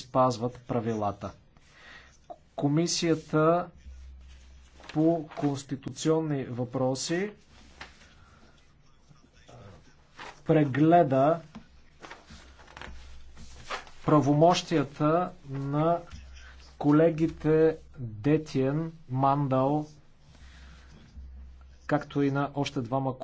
спазват правилата. Комисията по конституционни въпроси прегледа правомощията на колегите Детиен, Мандал, както и на още двама колеги.